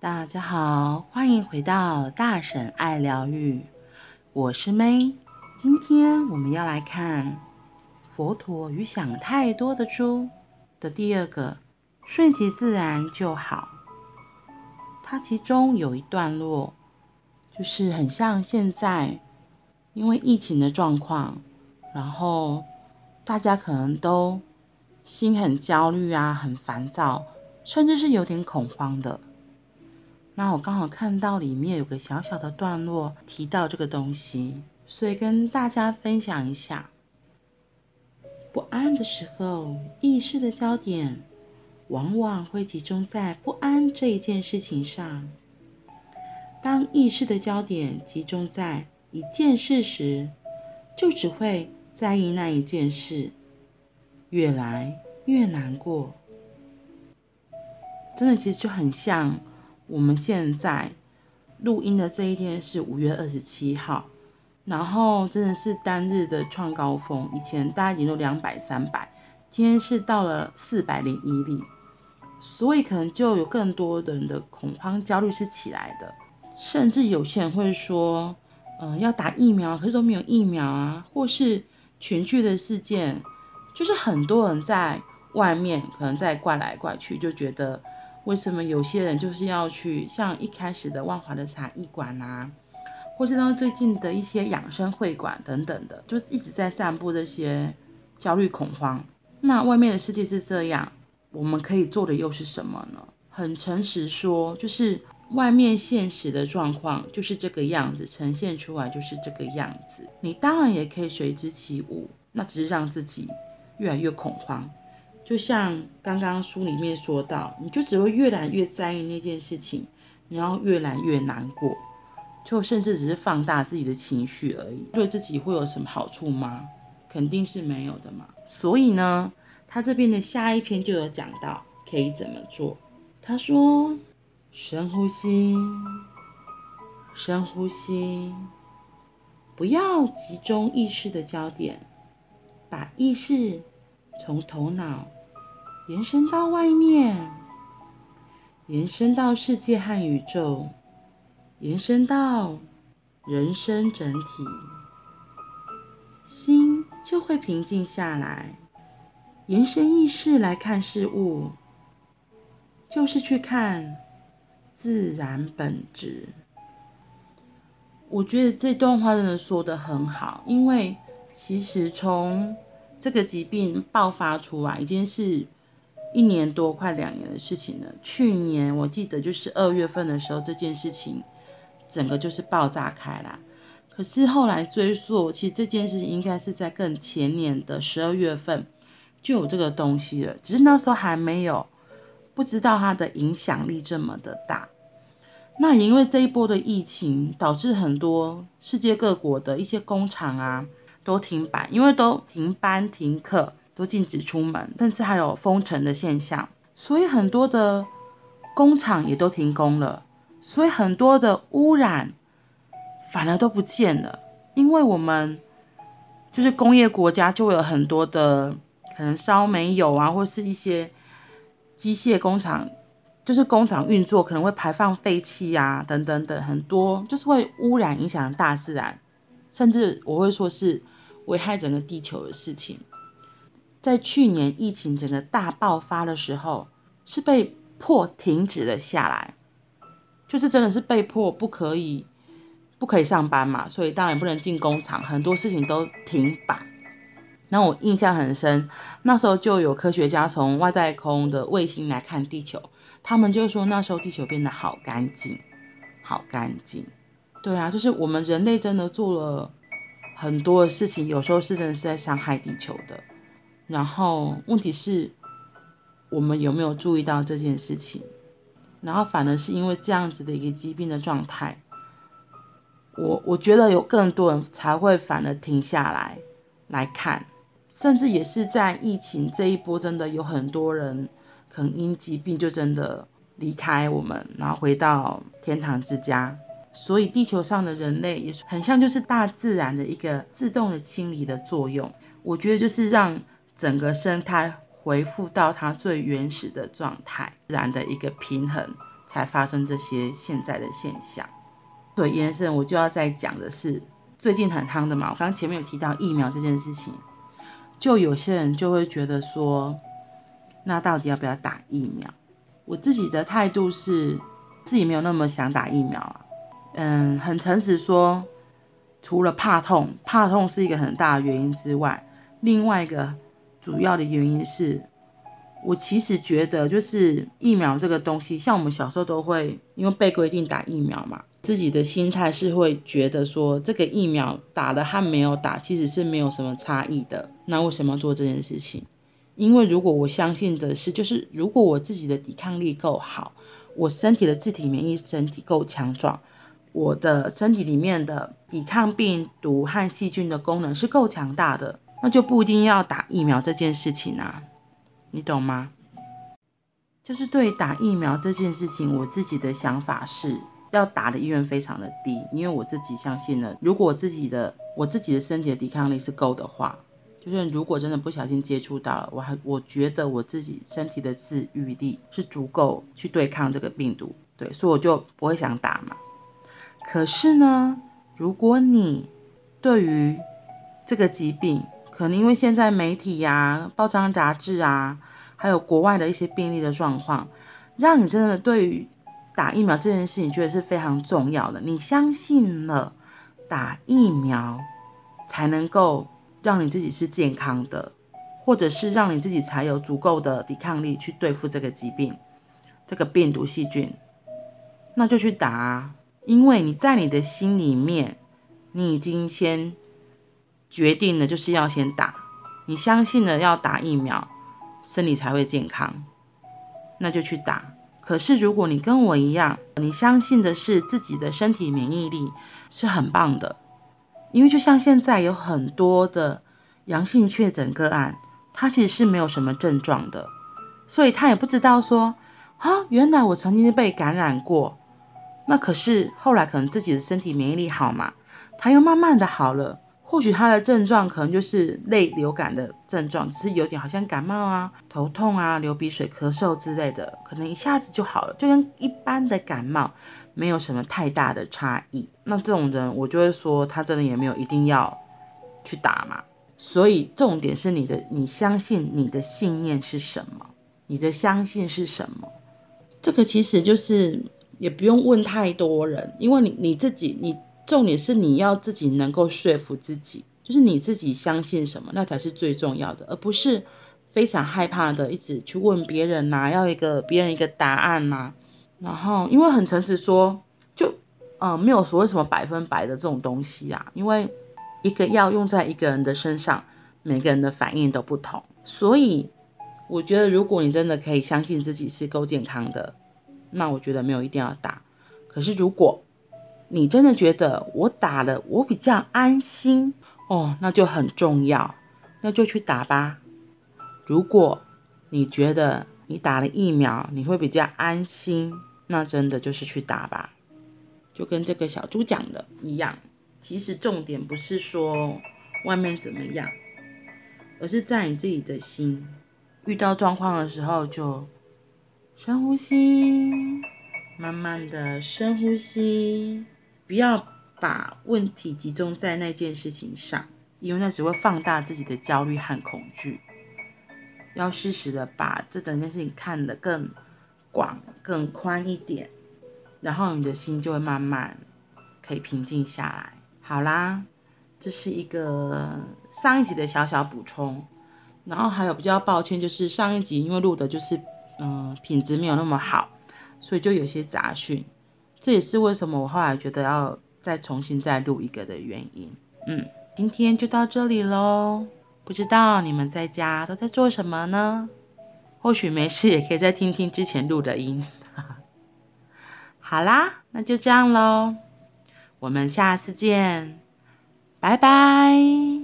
大家好，歡迎回到大嬸愛療癒，我是 May，今天我們要來看《佛陀與想太多的豬》的第二個“順其自然就好”。它其中有一段落，就是很像現在，因為疫情的狀況，然後大家可能都心很焦慮啊，很煩躁，甚至是有點恐慌的。那我剛好看到裡面有個小小的段落提到這個東西，所以跟大家分享一下。不安的時候，意識的焦點往往會集中在不安這一件事情上。當意識的焦點集中在一件事時，就只會在意那一件事，越來越難過。真的，其實就很像。我們現在錄音的這一天是五月二十七號，然後真的是單日的創高峰，以前大家已經都兩百、三百，今天是到了四百零一例，所以可能就有更多人的恐慌、焦慮是起來的，甚至有些人會說，嗯，要打疫苗，可是都沒有疫苗啊，或是群聚的事件，就是很多人在外面可能在怪來怪去，就覺得。為什麼有些人就是要去像一開始的萬華的茶藝館吶、啊，或者到最近的一些養生會館等等的，就是一直在散布這些焦慮恐慌。那外面的世界是這樣，我們可以做的又是什麼呢？很誠實說，就是外面現實的狀況就是這個樣子，呈現出來就是這個樣子。你當然也可以隨之起舞，那只是讓自己越來越恐慌。就像剛剛書裡面說到，你就只會越來越在意那件事情，然後越來越難過，就甚至只是放大自己的情緒而已。對自己會有什麼好處嗎？肯定是沒有的嘛。所以呢，他這邊的下一篇就有講到可以怎麼做。他說：深呼吸，深呼吸，不要集中意識的焦點，把意識從頭腦……延伸到外面，延伸到世界和宇宙，延伸到人生整體，心就會平靜下來。延伸意識來看事物，就是去看自然本質。我覺得這段話真的說的很好，因為其實從這個疾病爆發出來，一件事。一年多快兩年的事情了。去年我記得就是二月份的時候，這件事情整個就是爆炸開了。可是後來追溯，其實這件事情應該是在更前年的十二月份就有這個東西了，只是那時候還沒有，不知道它的影響力這麼的大。那也因為這一波的疫情，導致很多世界各國的一些工廠啊都停擺，因為都停班停課。都禁止出門，甚至還有封城的現象，所以很多的工廠也都停工了，所以很多的污染反而都不見了，因為我們就是工業國家，就會有很多的可能燒煤油啊，或是一些機械工廠，就是工廠運作可能會排放廢氣呀，等等等，很多就是會污染影響大自然，甚至我會說是危害整個地球的事情。在去年疫情整個大爆發的時候，是被迫停止了下來，就是真的是被迫不可以，不可以上班嘛，所以當然也不能進工廠，很多事情都停擺。那我印象很深，那時候就有科學家從外太空的衛星來看地球，他們就說那時候地球變得好乾淨，好乾淨。對啊，就是我們人類真的做了很多事情，有時候是真的是在傷害地球的。然後問題是我們有沒有注意到這件事情？然後反而是因為這樣子的一個疾病的狀態我，我我覺得有更多人才會反而停下來來看，甚至也是在疫情這一波，真的有很多人可能因疾病就真的離開我們，然後回到天堂之家。所以地球上的人類也是很像，就是大自然的一個自動的清理的作用。我覺得就是讓。整個生態恢復到它最原始的狀態，自然的一個平衡才發生這些現在的現象。所以延伸我就要再講的是，最近很夯的嘛，我剛剛前面有提到疫苗這件事情，就有些人就會覺得說，那到底要不要打疫苗？我自己的態度是，自己沒有那麼想打疫苗啊。嗯，很誠實說，除了怕痛，怕痛是一個很大的原因之外，另外一個。主要的原因是，我其實覺得就是疫苗這個東西，像我們小時候都會因為被規定打疫苗嘛，自己的心態是會覺得說，這個疫苗打了和沒有打其實是沒有什麼差異的。那為什麼做這件事情？因為如果我相信的是，就是如果我自己的抵抗力夠好，我身體的自體免疫身體夠強壯，我的身體裡面的抵抗病毒和細菌的功能是夠強大的。那就不一定要打疫苗這件事情啊，你懂嗎？就是對於打疫苗這件事情，我自己的想法是要打的意願非常的低，因為我自己相信了，如果自己的我自己的身體的抵抗力是夠的話，就是如果真的不小心接觸到了，我還我覺得我自己身體的自愈力是足夠去對抗這個病毒，對，所以我就不會想打嘛。可是呢，如果你對於這個疾病，可能因為現在媒體呀、啊、報章雜誌啊，還有國外的一些病例的狀況，讓你真的對於打疫苗這件事情覺得是非常重要的。你相信了打疫苗才能夠讓你自己是健康的，或者是讓你自己才有足夠的抵抗力去對付這個疾病、這個病毒細菌，那就去打啊。因為你在你的心裡面，你已經先。決定了就是要先打，你相信了要打疫苗，身體才會健康，那就去打。可是如果你跟我一樣，你相信的是自己的身體免疫力是很棒的，因為就像現在有很多的陽性確診個案，他其實是沒有什麼症狀的，所以他也不知道說啊，原來我曾經被感染過，那可是後來可能自己的身體免疫力好嘛，他又慢慢的好了。或許他的症狀可能就是類流感的症狀，只是有點好像感冒啊、頭痛啊、流鼻水、咳嗽之類的，可能一下子就好了，就跟一般的感冒沒有什麼太大的差異。那這種人，我就會說他真的也沒有一定要去打嘛。所以重點是你的，你相信你的信念是什麼？你的相信是什麼？這個其實就是也不用問太多人，因為你你自己你。重點是你要自己能夠說服自己，就是你自己相信什麼，那才是最重要的，而不是非常害怕的一直去問別人吶、啊，要一個別人一個答案吶、啊。然後因為很誠實說，就嗯、呃，沒有所謂什麼百分百的這種東西啊，因為一個藥用在一個人的身上，每個人的反應都不同，所以我覺得如果你真的可以相信自己是夠健康的，那我覺得沒有一定要打。可是如果你真的覺得我打了，我比較安心哦，那就很重要，那就去打吧。如果你覺得你打了疫苗你會比較安心，那真的就是去打吧。就跟這個小豬講的一樣，其實重點不是說外面怎麼樣，而是在你自己的心。遇到狀況的時候，就深呼吸，慢慢的深呼吸。不要把問題集中在那件事情上，因為那只會放大自己的焦慮和恐懼。要適時的把這整件事情看得更廣、更寬一點，然後你的心就會慢慢可以平靜下來。好啦，這是一個上一集的小小補充。然後還有比較抱歉，就是上一集因為錄的就是嗯、呃、品質沒有那麼好，所以就有些雜訊。這也是為什麼我後來覺得要再重新再錄一個的原因。嗯，今天就到這裡嘍。不知道你們在家都在做什麼呢？或許沒事也可以再聽聽之前錄的音。 好啦，那就這樣嘍。我們下次見，拜拜。